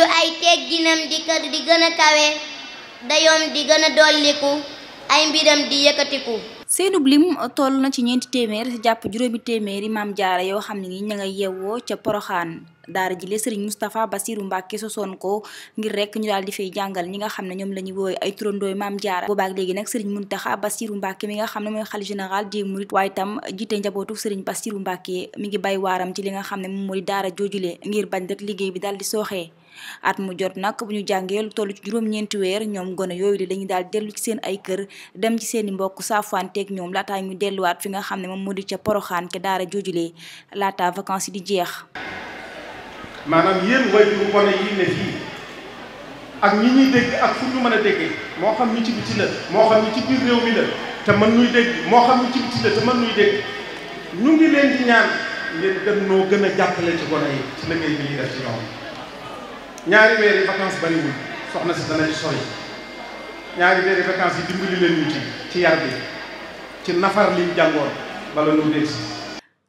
lu ay tegginam di ka di gën a kawe dayoom di gën a dolliku ay mbiram di yëkkatiku seenub lim toll na ci ñeenti téeméer jàpp juróomi téeméeri maam jaara yoo xam ne ni ña nga yewwoo ca poroxaan daara ji le Serigne Moustapha Bassirou Mbacké sosoon ko ngir rek ñu daal di fay jàngal ñi nga xam ne ñoom la ñu woowee ay turandooy maam jaara boobaak léegi nag Serigne Mountakha Bassirou Mbacké mi nga xam ne mooy xalif général des mourides waaye tam jiite njabootu Serigne Bassirou Mbacké mi ngi bay waaram ci li nga xam ne moom moo di daara joojulee ngir bañ rek liggéey bi daal di sooxee at mu jot nag bu ñu jàngee lu toll ci juróom-ñeenti weer ñoom gone yooyu de dañuy daal dellu ci seen ay kër dem ci seen i mbokk saafanteeg ñoom laataa ñu delluwaat fi nga xam ne moom moo di ca poroxaan daara joojulee laataa vacances yi di jeex maanaam yéen wajuru gone yi ne fii ak ñi ñuy dégg ak fu ñu mën a déggee moo xam ñu ci biti la moo xam ñu ci biir réew mi te mën nuy dégg moo xam ci biti la te mën nuy dégg ñu ngi leen di ñaan ngeen gën noo gën a jàppale ci gone yi ci liggéey bi ñuy def ci ñoom ñaari weeri vacances bariwul soxna si dana ci sori ñaari weeri vacances yi dimbali leen ñu ci ci yar bi ci nafar liñ jàngoon bala ñu dégg si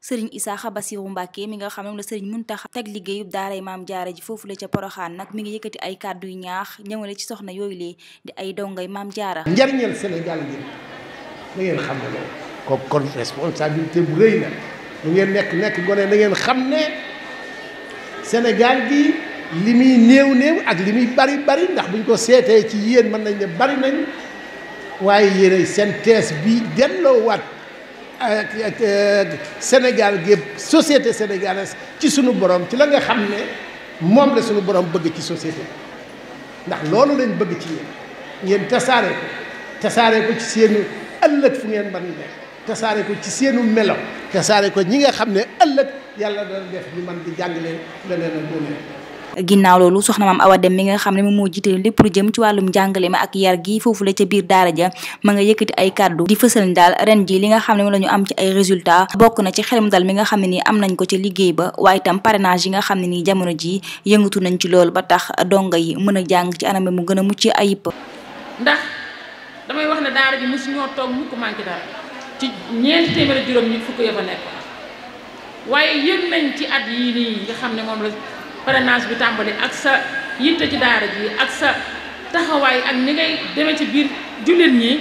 sëriñ Isaaxa Basiru Mbàkke mi nga xam ne moom la sëriñ Muntaxa teg liggéeyub daaray maam jaara ji foofu la ca poroxaan nag mi ngi yëkkati ay kàddu yu ñaax ñëwale ci soxna yooyu lee di ay dongay maam jaara njariñal Sénégal gi da ngeen xam ne da ngeen xam ne Sénégal gi li muy néew néew ak li muy bari bari ndax buñ ko seetee ci yéen man nañ ne bari nañ waaye yéenay synthèse bi delloowaat Euh, Sénégal gépp société sénégalaise ci sunu borom ci la nga xam ne moom la suñu borom bëgg ci société ndax loolu lañ bëgg ci yéen ngeen tasaare ko tasaare ko ci seenu ëllëg fu ngeen mën ne tasaare ko ci seenu melo tasaare ko ñi nga xam ne ëllëg yàlla dana def ñu man di jàngale leneen ak leneen ginnaaw loolu soxna maam Awa Dem mi nga xam ne moom moo jiite lépp lu jëm ci wàllum njàngale ma ak yar gi foofu la ca biir daara ja ma nga yëkkati ay kàddu di fësal ni daal ren ji li nga xam ne moom la ñu am ci ay résultat bokk na ci xelum dal mi nga xam ne nii am nañ ko ci liggéey ba waaye itam parrainage yi nga xam ne nii jamono ji yëngatu nañ ci loolu ba tax donga yi mën a jàng ci anam mu gën a mucc ayib ndax nga xam ne moom la parrainage bi tàmbali ak sa yitte ci daara ji ak sa taxawaay ak ni ngay demee ci biir jullit ñi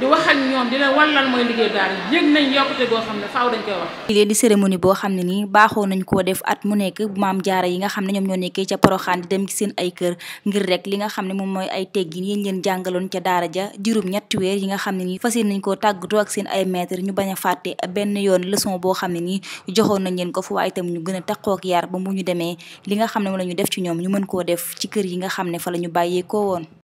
di wax ak ñoom di leen wan mooy liggéey daara yëg nañ yokkute goo xam ne faaw dañ koy wax lii di cérémonie boo xam ne nii baaxoo nañu koo def at mu nekk maam jaara yi nga xam ne ñoom ñoo nekkee ca poroxaan dem ci seen ay kër ngir rek li nga xam ne moom mooy ay teggin yéen jàngaloon ca daara ja juróom ñetti weer yi nga xam ne nii fas yéene nañ koo tàggatoo ak seen ay maître ñu bañ a fàtte benn yoon leson boo xam ne nii joxoon nañ leen ko fu waaye itam ñu gën a taqoo ak yar ba mu ñu demee li nga xam ne moom la ñu def ci ñoom ñu mën koo def ci kër yi nga xam ne fa la ñu bàyyee koo woon